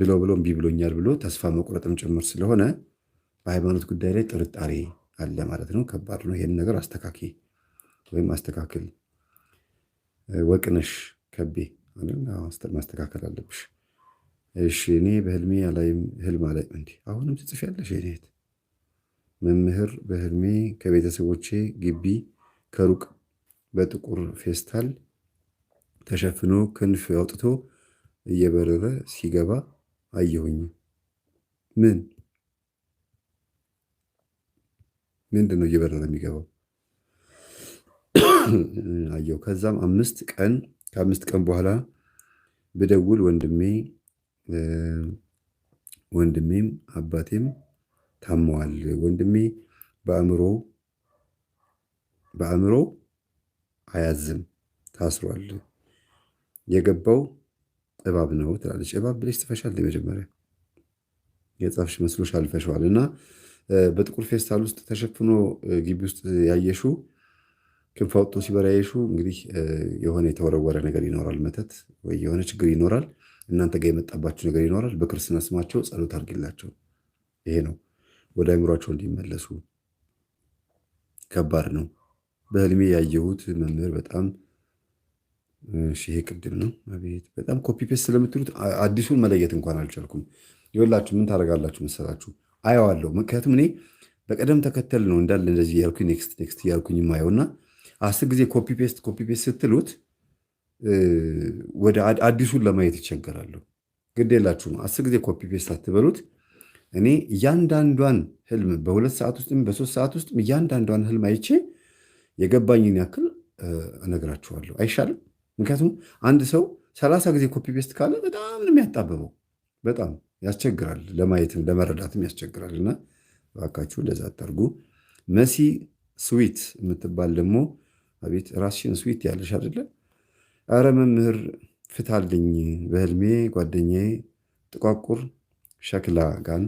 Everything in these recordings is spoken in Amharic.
ብሎ ብሎ እምቢ ብሎኛል ብሎ ተስፋ መቁረጥም ጭምር ስለሆነ በሃይማኖት ጉዳይ ላይ ጥርጣሬ አለ ማለት ነው። ከባድ ነው። ይህን ነገር አስተካኪ ወይም አስተካክል። ወቅነሽ ከቤ ማስተካከል አለብሽ። እሺ እኔ በህልሜ አላይም ህልም አላይም። እንዲ አሁንም ያለሽ ሄድሄድ መምህር በህልሜ ከቤተሰቦቼ ግቢ ከሩቅ በጥቁር ፌስታል ተሸፍኖ ክንፍ አውጥቶ እየበረረ ሲገባ አየሁኝ። ምን ምንድን ነው እየበረረ የሚገባው? አየሁ። ከዛም አምስት ቀን ከአምስት ቀን በኋላ ብደውል ወንድሜ ወንድሜም አባቴም ታመዋል። ወንድሜ በአእምሮ በአእምሮ አያዝም ታስሯል። የገባው እባብ ነው ትላለች። እባብ ብለሽ ጽፈሻል መጀመሪያ የጻፍሽ መስሎሽ አልፈሸዋል። እና በጥቁር ፌስታል ውስጥ ተሸፍኖ ግቢ ውስጥ ያየሹ ክንፍ አውጥቶ ያየሹ እንግዲህ የሆነ የተወረወረ ነገር ይኖራል፣ መተት ወይ የሆነ ችግር ይኖራል፣ እናንተ ጋር የመጣባቸው ነገር ይኖራል። በክርስትና ስማቸው ጸሎት አድርጊላቸው። ይሄ ነው ወደ አይምሯቸው እንዲመለሱ። ከባድ ነው። በህልሜ ያየሁት መምህር በጣም ይሄ ቅድም ነው። አቤት በጣም ኮፒ ፔስት ስለምትሉት አዲሱን መለየት እንኳን አልቻልኩም። ይወላችሁ ምን ታደርጋላችሁ መሰላችሁ? አየዋለሁ። ምክንያቱም እኔ በቅደም ተከተል ነው እንዳለ እንደዚህ እያልኩኝ ኔክስት ኔክስት እያልኩኝ ማየው እና አስር ጊዜ ኮፒ ፔስት ኮፒ ፔስት ስትሉት ወደ አዲሱን ለማየት ይቸገራለሁ። ግድ የላችሁም አስር ጊዜ ኮፒ ፔስት አትበሉት። እኔ እያንዳንዷን ህልም በሁለት ሰዓት ውስጥም በሶስት ሰዓት ውስጥ እያንዳንዷን ህልም አይቼ የገባኝን ያክል እነግራችኋለሁ። አይሻልም? ምክንያቱም አንድ ሰው ሰላሳ ጊዜ ኮፒ ፔስት ካለ በጣም ነው የሚያጣብበው። በጣም ያስቸግራል፣ ለማየትም ለመረዳትም ያስቸግራል። እና እባካችሁ እንደዛ አታርጉ። መሲ ስዊት የምትባል ደግሞ አቤት ራስሽን ስዊት ያለሽ አይደለ? አረ መምህር ፍታልኝ፣ በህልሜ ጓደኛዬ ጥቋቁር ሸክላ ጋን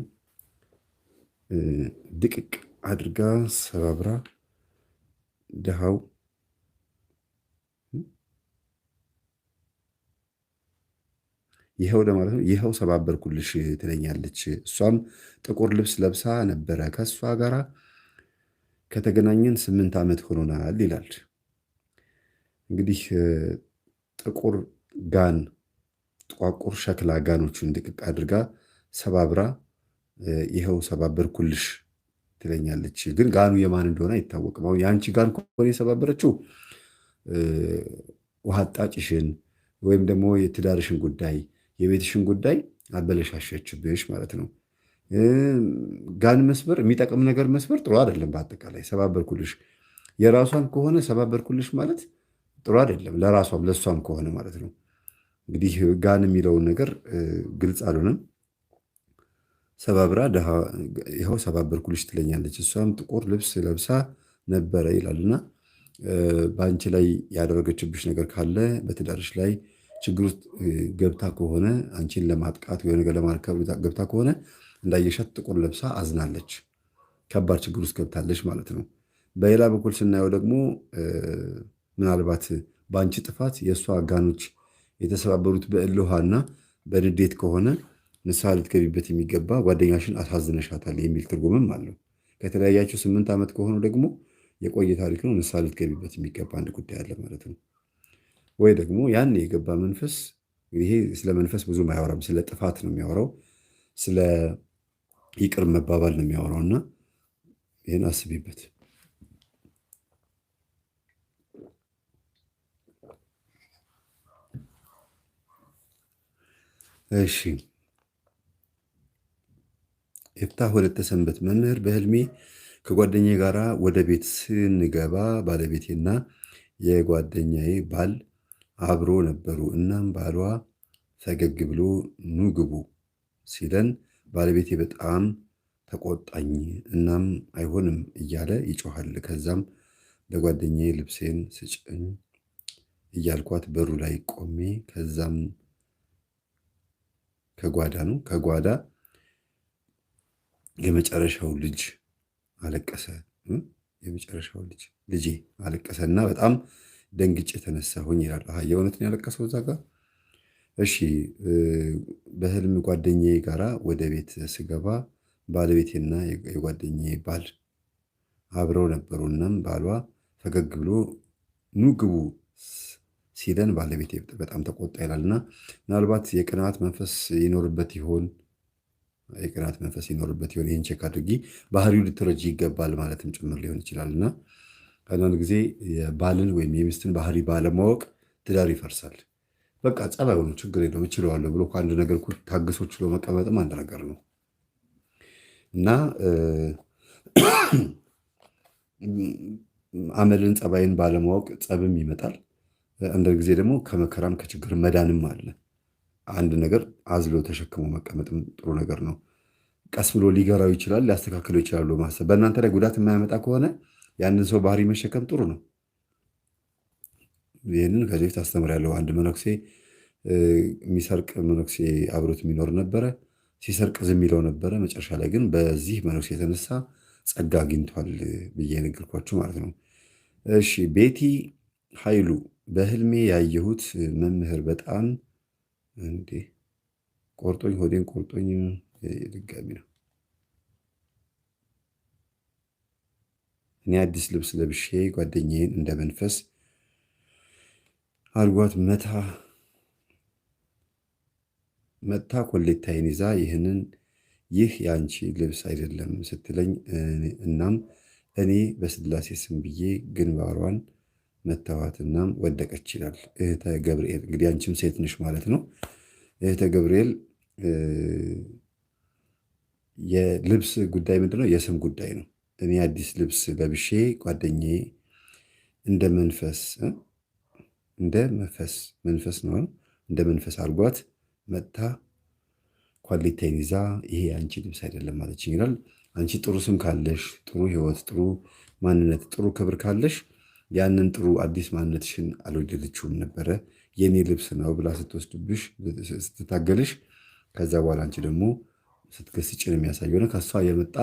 ድቅቅ አድርጋ ሰባብራ ድሃው ይኸው ለማለት ነው። ይኸው ሰባበርኩልሽ ትለኛለች። እሷም ጥቁር ልብስ ለብሳ ነበረ። ከእሷ ጋር ከተገናኘን ስምንት ዓመት ሆኖናል ይላል። እንግዲህ ጥቁር ጋን ጥቋቁር ሸክላ ጋኖቹን ድቅቅ አድርጋ ሰባብራ ይኸው ሰባበርኩልሽ ትለኛለች። ግን ጋኑ የማን እንደሆነ አይታወቅም። አሁን የአንቺ ጋን ከሆነ የሰባበረችው ውሃ ጣጭሽን ወይም ደግሞ የትዳርሽን ጉዳይ የቤትሽን ጉዳይ አበለሻሸችብሽ ማለት ነው። ጋን መስበር የሚጠቅም ነገር መስበር ጥሩ አይደለም። በአጠቃላይ ሰባበርኩልሽ፣ የራሷን ከሆነ ሰባበርኩልሽ ማለት ጥሩ አይደለም። ለራሷም ለእሷም ከሆነ ማለት ነው። እንግዲህ ጋን የሚለውን ነገር ግልጽ አልሆነም። ሰባብራ ይኸው ሰባበርኩልሽ ትለኛለች። እሷም ጥቁር ልብስ ለብሳ ነበረ ይላልና በአንቺ ላይ ያደረገችብሽ ነገር ካለ በትዳርሽ ላይ ችግር ውስጥ ገብታ ከሆነ አንቺን ለማጥቃት ወይ ነገር ለማርከብ ገብታ ከሆነ እንዳየሻት ጥቁር ለብሳ አዝናለች። ከባድ ችግር ውስጥ ገብታለች ማለት ነው። በሌላ በኩል ስናየው ደግሞ ምናልባት በአንቺ ጥፋት የእሷ አጋኖች የተሰባበሩት በእልሃና በንዴት ከሆነ ንስሐ ልትገቢበት የሚገባ ጓደኛሽን አሳዝነሻታል የሚል ትርጉምም አለው። ከተለያያቸው ስምንት ዓመት ከሆኑ ደግሞ የቆየ ታሪክ ነው። ንስሐ ልትገቢበት የሚገባ አንድ ጉዳይ አለ ማለት ነው። ወይ ደግሞ ያን የገባ መንፈስ ይሄ ስለ መንፈስ ብዙም አያወራም። ስለ ጥፋት ነው የሚያወራው፣ ስለ ይቅር መባባል ነው የሚያወራው እና ይህን አስቢበት። እሺ የፍታህ ሁለተ ሰንበት መምህር፣ በህልሜ ከጓደኛ ጋር ወደ ቤት ስንገባ ባለቤቴና የጓደኛዬ ባል አብሮ ነበሩ። እናም ባሏ ፈገግ ብሎ ኑ ግቡ ሲለን ባለቤቴ በጣም ተቆጣኝ። እናም አይሆንም እያለ ይጮኋል። ከዛም ለጓደኛዬ ልብሴን ስጭኝ እያልኳት በሩ ላይ ቆሜ ከዛም ከጓዳ ነው ከጓዳ የመጨረሻው ልጅ አለቀሰ። የመጨረሻው ልጅ ልጄ እና በጣም የተነሳ ሆኝ ይላል። የእውነትን ያለቀሰው እዛ ጋር። እሺ በህልም ጓደኛዬ ጋራ ወደ ቤት ስገባ ባለቤቴና የጓደኛዬ ባል አብረው ነበሩ። እናም ባሏ ፈገግ ብሎ ኑ ግቡ ሲለን ባለቤቴ በጣም ተቆጣ ይላል። እና ምናልባት የቅናት መንፈስ ይኖርበት ይሆን? የቅናት መንፈስ ይኖርበት ይሆን? ይህን ቼክ አድርጊ። ባህሪው ልትረጂ ይገባል ማለትም ጭምር ሊሆን ይችላል እና አንዳንድ ጊዜ የባልን ወይም የሚስትን ባህሪ ባለማወቅ ትዳር ይፈርሳል። በቃ ጸባይ ሆኖ ችግር የለውም እችለዋለሁ ብሎ ከአንድ ነገር ታግሶ ችሎ መቀመጥም አንድ ነገር ነው እና አመልን ጸባይን ባለማወቅ ጸብም ይመጣል። አንዳንድ ጊዜ ደግሞ ከመከራም ከችግር መዳንም አለ። አንድ ነገር አዝሎ ተሸክሞ መቀመጥም ጥሩ ነገር ነው። ቀስ ብሎ ሊገራው ይችላል፣ ሊያስተካክለው ይችላሉ ማሰብ በእናንተ ላይ ጉዳት የማያመጣ ከሆነ ያንን ሰው ባህሪ መሸከም ጥሩ ነው። ይህንን ከዚህ በፊት አስተምሬያለሁ። አንድ መነኩሴ የሚሰርቅ መነኩሴ አብሮት የሚኖር ነበረ። ሲሰርቅ ዝም ይለው ነበረ። መጨረሻ ላይ ግን በዚህ መነኩሴ የተነሳ ጸጋ አግኝቷል ብዬ የነገርኳችሁ ማለት ነው። እሺ ቤቲ ኃይሉ በህልሜ ያየሁት መምህር በጣም እንዴ ቆርጦኝ ሆዴን ቆርጦኝ ድጋሚ ነው እኔ አዲስ ልብስ ለብሼ ጓደኛዬን እንደ መንፈስ አድጓት መታ መጥታ ይዛ ይህንን ይህ የአንቺ ልብስ አይደለም ስትለኝ፣ እናም እኔ በስላሴ ስም ብዬ ግንባሯን መታዋት እናም ወደቀች ይላል እህተ ገብርኤል። እንግዲህ አንቺም ሴት ነሽ ማለት ነው። እህተ ገብርኤል የልብስ ጉዳይ ምንድነው? የስም ጉዳይ ነው። እኔ አዲስ ልብስ ለብሼ ጓደኛዬ እንደ መንፈስ እንደ መንፈስ መንፈስ ነው እንደ መንፈስ አድርጓት መጥታ ኳሊቲን ይዛ ይሄ አንቺ ልብስ አይደለም ማለች ይላል። አንቺ ጥሩ ስም ካለሽ፣ ጥሩ ህይወት፣ ጥሩ ማንነት፣ ጥሩ ክብር ካለሽ ያንን ጥሩ አዲስ ማንነትሽን አልወደደችውም ነበረ። የኔ ልብስ ነው ብላ ስትወስድብሽ ስትታገልሽ፣ ከዛ በኋላ አንቺ ደግሞ ስትገስጭን የሚያሳየው ከእሷ የመጣ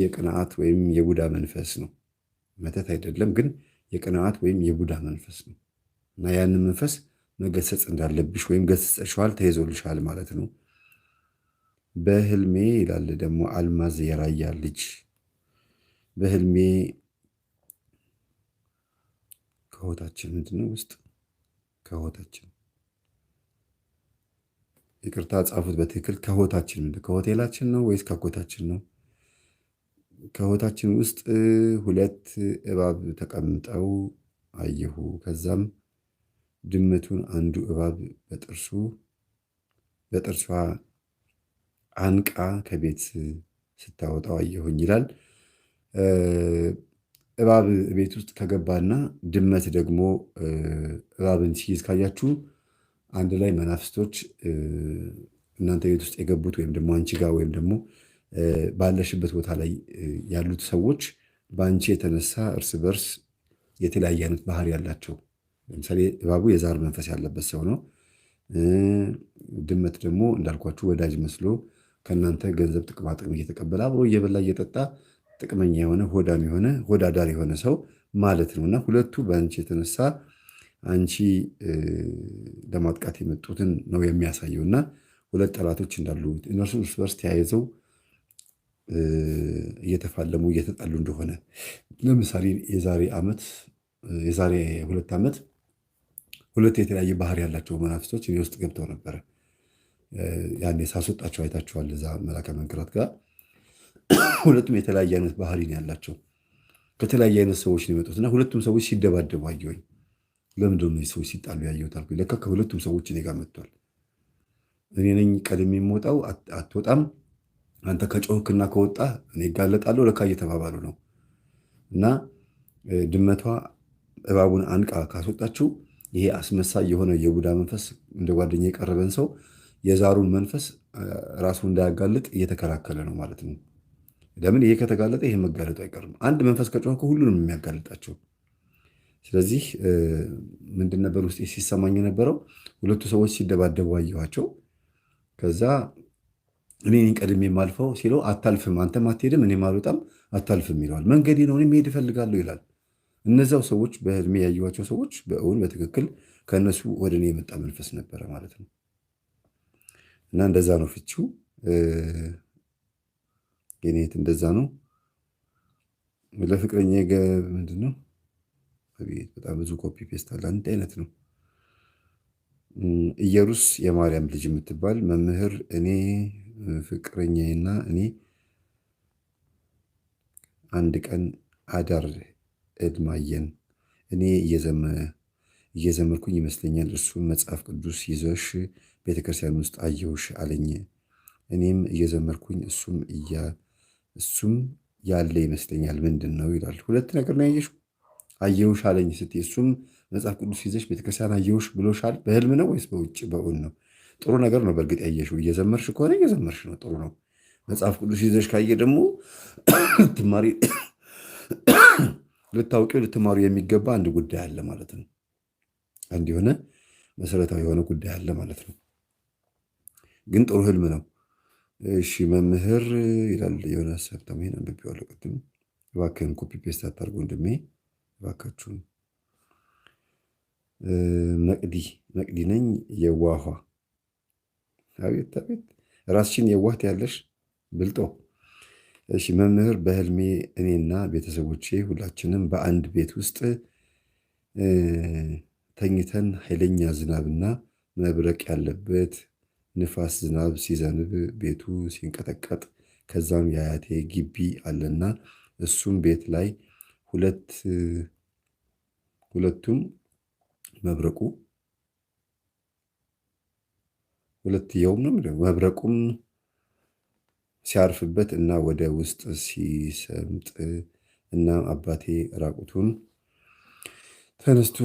የቅንዓት ወይም የቡዳ መንፈስ ነው። መተት አይደለም፣ ግን የቅንዓት ወይም የቡዳ መንፈስ ነው እና ያንን መንፈስ መገሰጽ እንዳለብሽ ወይም ገሰጸሸዋል ተይዞልሻል ማለት ነው። በህልሜ ይላል ደግሞ አልማዝ የራያ ልጅ በህልሜ ከሆታችን ምንድነው ውስጥ ከሆታችን ይቅርታ ጻፉት በትክክል ከሆታችን ምንድን ከሆቴላችን ነው ወይስ ከኮታችን ነው? ከሆታችን ውስጥ ሁለት እባብ ተቀምጠው አየሁ። ከዛም ድመቱን አንዱ እባብ በጥርሱ በጥርሷ አንቃ ከቤት ስታወጣው አየሁኝ ይላል። እባብ ቤት ውስጥ ከገባና ድመት ደግሞ እባብን ሲይዝ ካያችሁ አንድ ላይ መናፍስቶች እናንተ ቤት ውስጥ የገቡት ወይም ደግሞ አንቺ ጋር ወይም ደግሞ ባለሽበት ቦታ ላይ ያሉት ሰዎች በአንቺ የተነሳ እርስ በርስ የተለያየ አይነት ባህሪ ያላቸው ለምሳሌ እባቡ የዛር መንፈስ ያለበት ሰው ነው። ድመት ደግሞ እንዳልኳችሁ ወዳጅ መስሎ ከእናንተ ገንዘብ ጥቅማ ጥቅም እየተቀበለ አብሮ እየበላ እየጠጣ ጥቅመኛ የሆነ ሆዳም የሆነ ሆዳዳር የሆነ ሰው ማለት ነው እና ሁለቱ በአንቺ የተነሳ አንቺ ለማጥቃት የመጡትን ነው የሚያሳየው እና ሁለት ጠላቶች እንዳሉ እነርሱ እርስ በርስ ተያይዘው እየተፋለሙ እየተጣሉ እንደሆነ ለምሳሌ የዛሬ ዓመት የዛሬ ሁለት ዓመት ሁለት የተለያየ ባህሪ ያላቸው መናፍስቶች እኔ ውስጥ ገብተው ነበረ። ያኔ ሳስወጣቸው አይታችኋል። እዛ መላከ መንክራት ጋር ሁለቱም የተለያየ አይነት ባህሪ ነው ያላቸው። ከተለያየ አይነት ሰዎች ነው የመጡት እና ሁለቱም ሰዎች ሲደባደቡ አየሁኝ። ለምንድን ነው ሰዎች ሲጣሉ ያየሁት አልኩኝ። ለካ ከሁለቱም ሰዎች እኔ ጋር መጥቷል። እኔ ነኝ ቀድሜ የምወጣው አትወጣም አንተ ከጮህክና ከወጣ እኔ እጋለጣለሁ። ለካ እየተባባሉ ነው። እና ድመቷ እባቡን አንቃ ካስወጣችው ይሄ አስመሳይ የሆነ የቡዳ መንፈስ እንደ ጓደኛ የቀረበን ሰው የዛሩን መንፈስ ራሱ እንዳያጋልጥ እየተከላከለ ነው ማለት ነው። ለምን ይሄ ከተጋለጠ ይሄ መጋለጡ አይቀርም። አንድ መንፈስ ከጮኸ ሁሉንም የሚያጋልጣቸው። ስለዚህ ምንድን ነበር ውስጤ ሲሰማኝ የነበረው? ሁለቱ ሰዎች ሲደባደቡ አየኋቸው ከዛ እኔ ቀድሜ የማልፈው ሲለው አታልፍም፣ አንተም አትሄድም፣ እኔም አልወጣም፣ አታልፍም ይለዋል። መንገዴ ነው፣ እኔ መሄድ እፈልጋለሁ ይላል። እነዚያው ሰዎች በህልሜ ያየኋቸው ሰዎች በእውን በትክክል ከእነሱ ወደ እኔ የመጣ መንፈስ ነበረ ማለት ነው። እና እንደዛ ነው ፍቺው። ኔት እንደዛ ነው። ለፍቅረኛ ምንድን ነው? በጣም ብዙ ኮፒ ፔስት አለ። አንድ አይነት ነው። ኢየሩስ የማርያም ልጅ የምትባል መምህር እኔ ፍቅረኛዬና እኔ አንድ ቀን አዳር እድማየን እኔ እየዘመርኩኝ ይመስለኛል። እሱም መጽሐፍ ቅዱስ ይዘሽ ቤተክርስቲያን ውስጥ አየሁሽ አለኝ። እኔም እየዘመርኩኝ እሱም እያ እሱም ያለ ይመስለኛል። ምንድን ነው ይላል። ሁለት ነገር ነው ያየሽ አየውሽ አለኝ ስትይ እሱም መጽሐፍ ቅዱስ ይዘሽ ቤተክርስቲያን አየውሽ ብሎሻል። በህልም ነው ወይስ በውጭ በእውን ነው? ጥሩ ነገር ነው። በእርግጥ ያየሽው እየዘመርሽ ከሆነ እየዘመርሽ ነው፣ ጥሩ ነው። መጽሐፍ ቅዱስ ይዘሽ ካየ ደግሞ ትማሪ ልታውቂው ልትማሩ የሚገባ አንድ ጉዳይ አለ ማለት ነው። አንድ የሆነ መሰረታዊ የሆነ ጉዳይ አለ ማለት ነው። ግን ጥሩ ህልም ነው። እሺ መምህር ይላል የሆነ ሀሳብ ተመሄን አንብቤዋለሁ ቅድም። እባክህን ኮፒ ፔስት አታርገው ወንድሜ እባካችሁን። መቅዲ መቅዲ ነኝ የዋኋ አቤት አቤት ራስሽን የዋህት ያለሽ ብልጦ። እሺ መምህር፣ በህልሜ እኔና ቤተሰቦቼ ሁላችንም በአንድ ቤት ውስጥ ተኝተን ኃይለኛ ዝናብና መብረቅ ያለበት ንፋስ ዝናብ ሲዘንብ ቤቱ ሲንቀጠቀጥ፣ ከዛም የአያቴ ግቢ አለና እሱም ቤት ላይ ሁለቱም መብረቁ ሁለትየውም ነው መብረቁም ሲያርፍበት እና ወደ ውስጥ ሲሰምጥ እና አባቴ ራቁቱን ተነስቶ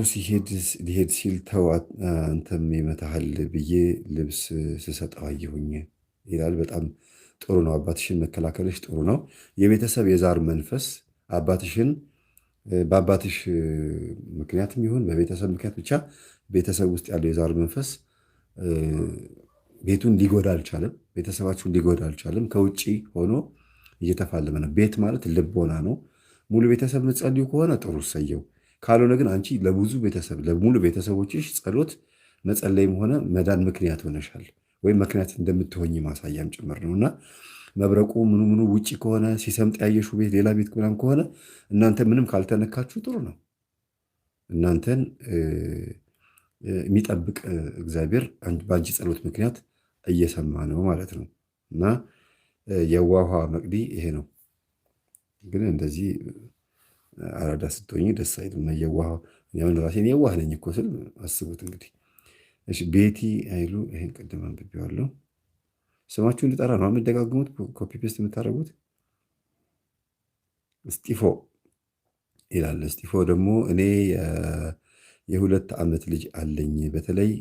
ሊሄድ ሲል ተው አንተም ይመታሃል ብዬ ልብስ ስሰጠው አየሁኝ ይላል። በጣም ጥሩ ነው። አባትሽን መከላከልሽ ጥሩ ነው። የቤተሰብ የዛር መንፈስ አባትሽን በአባትሽ ምክንያትም ይሁን በቤተሰብ ምክንያት ብቻ ቤተሰብ ውስጥ ያለው የዛር መንፈስ ቤቱን ሊጎዳ አልቻለም። ቤተሰባችሁን ሊጎዳ አልቻለም። ከውጭ ሆኖ እየተፋለመ ነው። ቤት ማለት ልቦና ነው። ሙሉ ቤተሰብ ምጸልዩ ከሆነ ጥሩ ሰየው። ካልሆነ ግን አንቺ ለብዙ ቤተሰብ ለሙሉ ቤተሰቦችሽ ጸሎት መጸለይም ሆነ መዳን ምክንያት ሆነሻል ወይም ምክንያት እንደምትሆኝ ማሳያም ጭምር ነው እና መብረቁ ምኑ ምኑ ውጭ ከሆነ ሲሰምጥ ያየሹ ቤት ሌላ ቤት ምናምን ከሆነ እናንተ ምንም ካልተነካችሁ ጥሩ ነው። እናንተን የሚጠብቅ እግዚአብሔር በአንቺ ጸሎት ምክንያት እየሰማ ነው ማለት ነው። እና የዋሃ መቅዲ ይሄ ነው። ግን እንደዚህ አራዳ ስትሆኝ ደስ አይልም። የዋሃ ምን ራሴን የዋህ ነኝ እኮ ስል አስቡት እንግዲህ። ቤቲ አይሉ ይሄን ቅድም አንብቤዋለሁ። ስማችሁ ልጠራ ነው የምደጋግሙት፣ ኮፒ ፔስት የምታደርጉት እስጢፎ ይላል። እስጢፎ ደግሞ እኔ የሁለት ዓመት ልጅ አለኝ በተለይ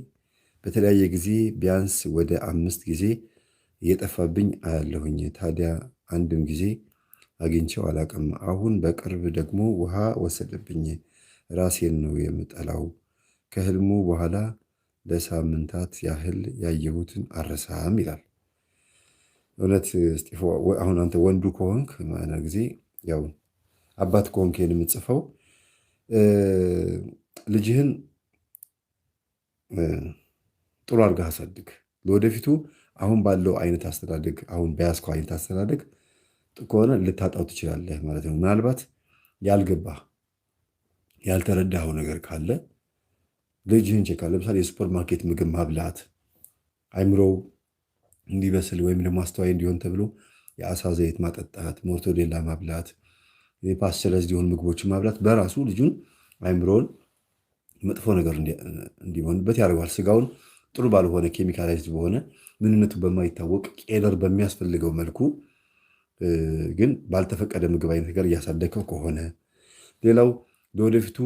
በተለያየ ጊዜ ቢያንስ ወደ አምስት ጊዜ እየጠፋብኝ አያለሁኝ። ታዲያ አንድም ጊዜ አግኝቼው አላቅም። አሁን በቅርብ ደግሞ ውሃ ወሰደብኝ። ራሴን ነው የምጠላው። ከህልሙ በኋላ ለሳምንታት ያህል ያየሁትን አረሳም ይላል። እውነት እስጢፎ አሁን አንተ ወንዱ ከሆንክ ማና ጊዜ ያው አባት ከሆንክ ይሄን የምጽፈው ልጅህን ጥሩ አድርገህ አሳድግ። ለወደፊቱ አሁን ባለው አይነት አስተዳደግ አሁን በያዝከው አይነት አስተዳደግ ከሆነ ልታጣው ትችላለህ ማለት ነው። ምናልባት ያልገባ ያልተረዳኸው ነገር ካለ ልጅህን ቼካ ለምሳሌ የሱፐር ማርኬት ምግብ ማብላት አይምሮው እንዲበስል ወይም ደግሞ አስተዋይ እንዲሆን ተብሎ የአሳ ዘይት ማጠጣት፣ ሞርቶዴላ ማብላት፣ የፓስቸረስ ሊሆን ምግቦችን ማብላት በራሱ ልጁን አይምሮውን መጥፎ ነገር እንዲሆንበት ያደርገዋል። ስጋውን ጥሩ ባልሆነ ኬሚካላይዝድ በሆነ ምንነቱ በማይታወቅ ቄለር በሚያስፈልገው መልኩ ግን ባልተፈቀደ ምግብ አይነት ጋር እያሳደከው ከሆነ ሌላው ለወደፊቱ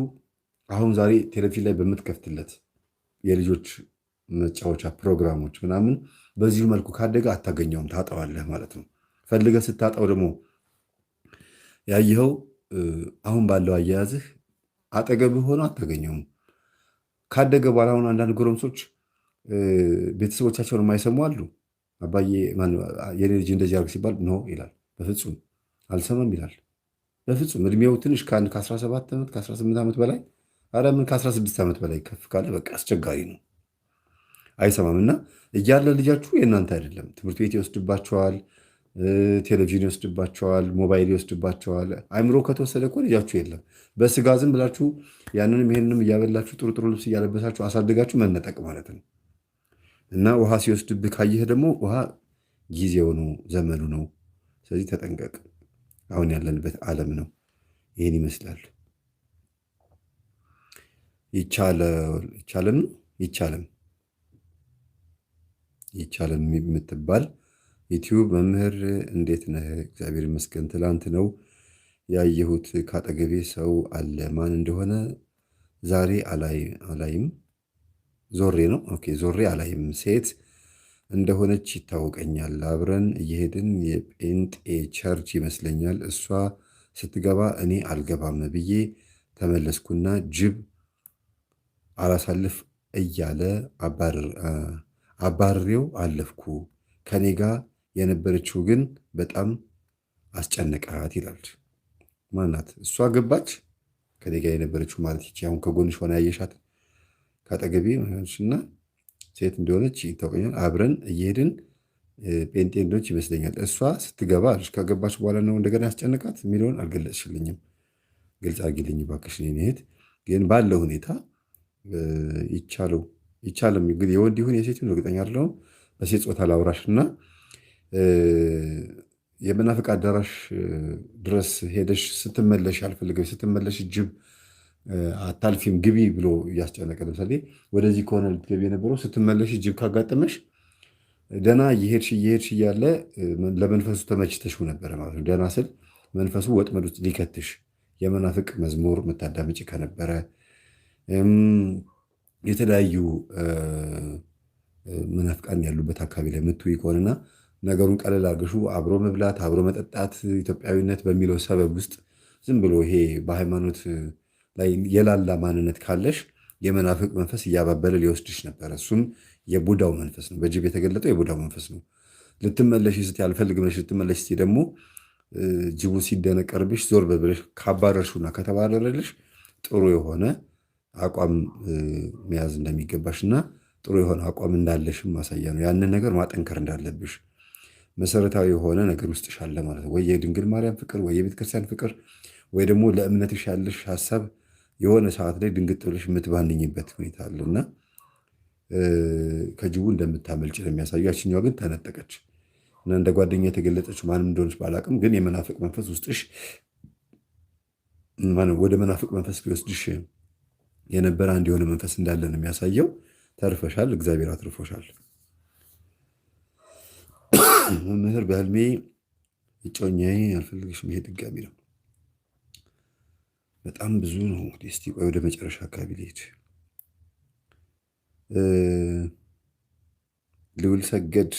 አሁን ዛሬ ቴሌቪዥን ላይ በምትከፍትለት የልጆች መጫወቻ ፕሮግራሞች ምናምን በዚሁ መልኩ ካደገ አታገኘውም፣ ታጠዋለህ ማለት ነው። ፈልገ ስታጠው ደግሞ ያየኸው አሁን ባለው አያያዝህ አጠገብህ ሆኖ አታገኘውም። ካደገ በኋላ አሁን አንዳንድ ጎረምሶች ቤተሰቦቻቸውን የማይሰሙ አሉ። አባዬ የኔ ልጅ እንደዚህ አርግ ሲባል ኖ ይላል። በፍጹም አልሰማም ይላል። በፍጹም እድሜው ትንሽ ከአንድ ከ17 ዓመት ከ18 ዓመት በላይ አረ ምን ከ16 ዓመት በላይ ከፍ ካለ በቃ አስቸጋሪ ነው፣ አይሰማም። እና እያለ ልጃችሁ የእናንተ አይደለም። ትምህርት ቤት ይወስድባቸዋል፣ ቴሌቪዥን ይወስድባቸዋል፣ ሞባይል ይወስድባቸዋል። አይምሮ ከተወሰደ እኮ ልጃችሁ የለም። በስጋ ዝም ብላችሁ ያንንም ይሄንንም እያበላችሁ ጥሩ ጥሩ ልብስ እያለበሳችሁ አሳድጋችሁ መነጠቅ ማለት ነው። እና ውሃ ሲወስድብህ ካየህ ደግሞ ውሃ ጊዜው ነው፣ ዘመኑ ነው። ስለዚህ ተጠንቀቅ። አሁን ያለንበት ዓለም ነው። ይህን ይመስላል። ይቻለም ይቻለም ይቻለም የምትባል ዩቲዩብ መምህር እንዴት ነህ? እግዚአብሔር ይመስገን። ትላንት ነው ያየሁት። ካጠገቤ ሰው አለ። ማን እንደሆነ ዛሬ አላይም ዞሬ ነው። ኦኬ ዞሬ አላይም። ሴት እንደሆነች ይታወቀኛል። አብረን እየሄድን የጴንጤ ቸርች ይመስለኛል። እሷ ስትገባ እኔ አልገባም ብዬ ተመለስኩና ጅብ አላሳልፍ እያለ አባርሬው አለፍኩ። ከኔ ጋር የነበረችው ግን በጣም አስጨነቃት ይላል። ማናት እሷ ገባች? ከኔ ጋር የነበረችው ማለት ይቺ አሁን ከጎንሽ ሆነ ያየሻት ከአጠገቤ ሆነችና ሴት እንደሆነች ይታወቀኛል። አብረን እየሄድን ጴንጤ እንደሆነች ይመስለኛል። እሷ ስትገባ አለች። ከገባች በኋላ ነው እንደገና ያስጨነቃት የሚለውን አልገለጽሽልኝም። ግልጽ አርጊልኝ እባክሽ። ሄድ ግን ባለው ሁኔታ ይቻለው ይቻለም እንግዲህ የወንድ ይሁን የሴት ይሁን እርግጠኛ አይደለሁም። በሴት ጾታ ላውራሽ እና የመናፍቅ አዳራሽ ድረስ ሄደሽ ስትመለሽ ያልፈልገ ስትመለሽ ጅብ አታልፊም ግቢ ብሎ እያስጨነቀ ለምሳሌ ወደዚህ ከሆነ ልትገቢ የነበረው ስትመለሽ ጅብ ካጋጠመሽ ደና እየሄድሽ እየሄድሽ እያለ ለመንፈሱ ተመችተሽ ነበረ ማለት ነው። ደና ስል መንፈሱ ወጥመድ ውስጥ ሊከትሽ የመናፍቅ መዝሙር የምታዳምጪ ከነበረ የተለያዩ መናፍቃን ያሉበት አካባቢ ላይ የምትውይ ከሆነና ነገሩን ቀለል አርገሹ አብሮ መብላት አብሮ መጠጣት ኢትዮጵያዊነት በሚለው ሰበብ ውስጥ ዝም ብሎ ይሄ በሃይማኖት ላይ የላላ ማንነት ካለሽ የመናፍቅ መንፈስ እያባበለ ሊወስድሽ ነበረ። እሱም የቡዳው መንፈስ ነው። በጅብ የተገለጠው የቡዳው መንፈስ ነው። ልትመለሽ ስ አልፈልግ ብለሽ ልትመለሽ ስ ደግሞ ጅቡ ሲደነቀርብሽ ዞር በብለሽ ካባረርሽውና ከተባረረልሽ ጥሩ የሆነ አቋም መያዝ እንደሚገባሽ እና ጥሩ የሆነ አቋም እንዳለሽም ማሳያ ነው። ያንን ነገር ማጠንከር እንዳለብሽ መሰረታዊ የሆነ ነገር ውስጥሽ አለ ማለት ነው። ወይ የድንግል ማርያም ፍቅር፣ ወይ የቤተክርስቲያን ፍቅር፣ ወይ ደግሞ ለእምነትሽ ያለሽ ሀሳብ የሆነ ሰዓት ላይ ድንግጥ ብለሽ የምትባንኝበት ሁኔታ አለ እና ከጅቡ እንደምታመልጭ ነው የሚያሳዩ። ያችኛዋ ግን ተነጠቀች እና እንደ ጓደኛ የተገለጠች ማንም እንደሆነች ባላቅም፣ ግን የመናፍቅ መንፈስ ውስጥሽ ወደ መናፍቅ መንፈስ ቢወስድሽ የነበረ አንድ የሆነ መንፈስ እንዳለ ነው የሚያሳየው። ተርፈሻል፣ እግዚአብሔር አትርፎሻል። መምህር በህልሜ እጮኛዬ አልፈልግሽም። ይሄ ድጋሚ ነው። በጣም ብዙ ነው። እንግዲህ እስቲ ቆይ ወደ መጨረሻ አካባቢ ልሄድ። ልውል ሰገድ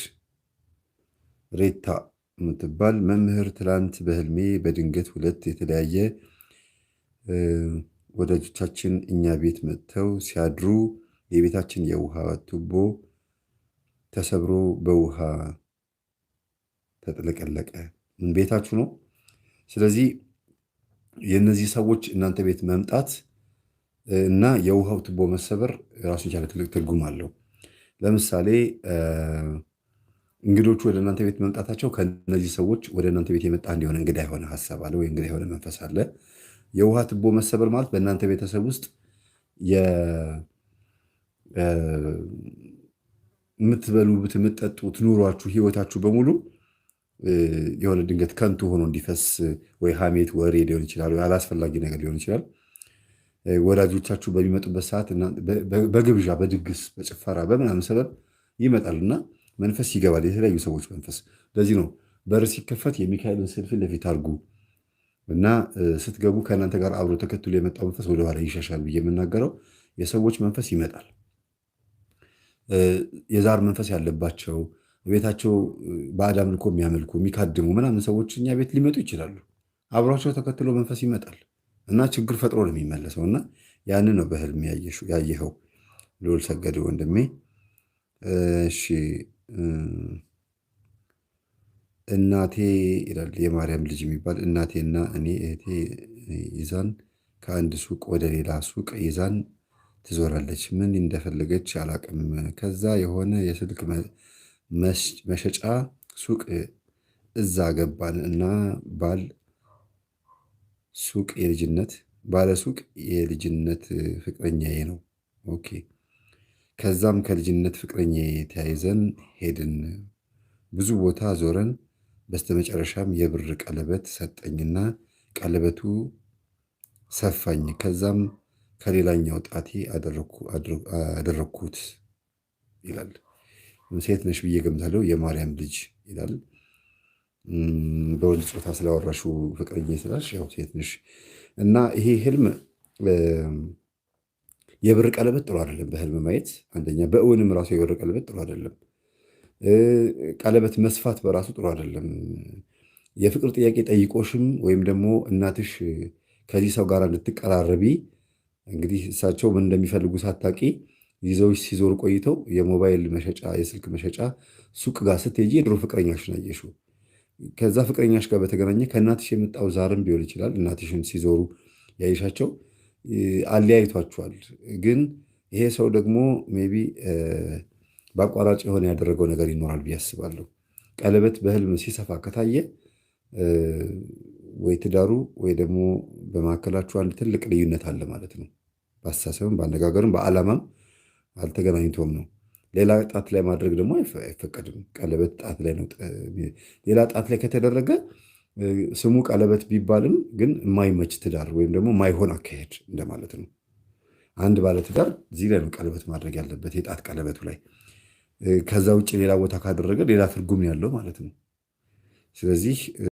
ሬታ የምትባል መምህር ትላንት በህልሜ በድንገት ሁለት የተለያየ ወዳጆቻችን እኛ ቤት መጥተው ሲያድሩ የቤታችን የውሃ ቱቦ ተሰብሮ በውሃ ተጥለቀለቀ። ቤታችሁ ነው። ስለዚህ የእነዚህ ሰዎች እናንተ ቤት መምጣት እና የውሃው ቱቦ መሰበር ራሱን የቻለ ትልቅ ትርጉም አለው። ለምሳሌ እንግዶቹ ወደ እናንተ ቤት መምጣታቸው ከእነዚህ ሰዎች ወደ እናንተ ቤት የመጣ እንዲሆነ እንግዳ የሆነ ሀሳብ አለ ወይ እንግዳ የሆነ መንፈስ አለ። የውሃ ቱቦ መሰበር ማለት በእናንተ ቤተሰብ ውስጥ የምትበሉት የምትጠጡት ኑሯችሁ ህይወታችሁ በሙሉ የሆነ ድንገት ከንቱ ሆኖ እንዲፈስ ወይ ሐሜት ወሬ ሊሆን ይችላል፣ አላስፈላጊ ነገር ሊሆን ይችላል። ወዳጆቻችሁ በሚመጡበት ሰዓት በግብዣ በድግስ በጭፈራ በምናምን ሰበብ ይመጣልና መንፈስ ይገባል፣ የተለያዩ ሰዎች መንፈስ። ለዚህ ነው በር ሲከፈት የሚካኤልን ስዕል ፊት ለፊት አድርጉ እና ስትገቡ ከእናንተ ጋር አብሮ ተከትሎ የመጣው መንፈስ ወደኋላ ይሸሻል ብዬ የምናገረው የሰዎች መንፈስ ይመጣል። የዛር መንፈስ ያለባቸው ቤታቸው ባዕድ አምልኮ የሚያመልኩ የሚካድሙ ምናምን ሰዎች እኛ ቤት ሊመጡ ይችላሉ። አብሯቸው ተከትሎ መንፈስ ይመጣል እና ችግር ፈጥሮ ነው የሚመለሰው። እና ያን ነው በህልም ያየኸው ልዑል ሰገድ ወንድሜ። እሺ እናቴ ይላል የማርያም ልጅ የሚባል እናቴና እኔ እህቴ ይዛን ከአንድ ሱቅ ወደ ሌላ ሱቅ ይዛን ትዞራለች። ምን እንደፈለገች አላቅም። ከዛ የሆነ የስልክ መሸጫ ሱቅ እዛ ገባን እና ባል ሱቅ የልጅነት ባለ ሱቅ የልጅነት ፍቅረኛዬ ነው። ኦኬ ከዛም ከልጅነት ፍቅረኛዬ ተያይዘን ሄድን። ብዙ ቦታ ዞረን በስተመጨረሻም የብር ቀለበት ሰጠኝና ቀለበቱ ሰፋኝ። ከዛም ከሌላኛው ጣቴ አደረኩት ይላል። ሴት ነሽ ብዬ ገምታለሁ። የማርያም ልጅ ይላል። በወንድ ጾታ ስላወራሹ ፍቅረኛ ስላልሽ ያው ሴት ነሽ እና ይሄ ህልም የብር ቀለበት ጥሩ አይደለም። በህልም ማየት አንደኛ፣ በእውንም ራሱ የብር ቀለበት ጥሩ አይደለም። ቀለበት መስፋት በራሱ ጥሩ አይደለም። የፍቅር ጥያቄ ጠይቆሽም ወይም ደግሞ እናትሽ ከዚህ ሰው ጋር እንድትቀራረቢ እንግዲህ እሳቸው ምን እንደሚፈልጉ ሳታቂ ይዘውሽ ሲዞር ቆይተው የሞባይል መሸጫ የስልክ መሸጫ ሱቅ ጋር ስትሄጂ የድሮ ፍቅረኛሽን አየሽው። ከዛ ፍቅረኛሽ ጋር በተገናኘ ከእናትሽ የመጣው ዛርም ቢሆን ይችላል። እናትሽን ሲዞሩ ያይሻቸው አለያይቷችኋል። ግን ይሄ ሰው ደግሞ ሜይ ቢ በአቋራጭ የሆነ ያደረገው ነገር ይኖራል ብዬ አስባለሁ። ቀለበት በህልም ሲሰፋ ከታየ ወይ ትዳሩ ወይ ደግሞ በመካከላችሁ አንድ ትልቅ ልዩነት አለ ማለት ነው። በአስተሳሰብም በአነጋገርም በዓላማም አልተገናኝቶም ነው። ሌላ ጣት ላይ ማድረግ ደግሞ አይፈቀድም። ቀለበት ጣት ላይ ነው። ሌላ ጣት ላይ ከተደረገ ስሙ ቀለበት ቢባልም ግን የማይመች ትዳር ወይም ደግሞ ማይሆን አካሄድ እንደማለት ነው። አንድ ባለትዳር እዚህ ላይ ነው ቀለበት ማድረግ ያለበት የጣት ቀለበቱ ላይ። ከዛ ውጭ ሌላ ቦታ ካደረገ ሌላ ትርጉም ያለው ማለት ነው። ስለዚህ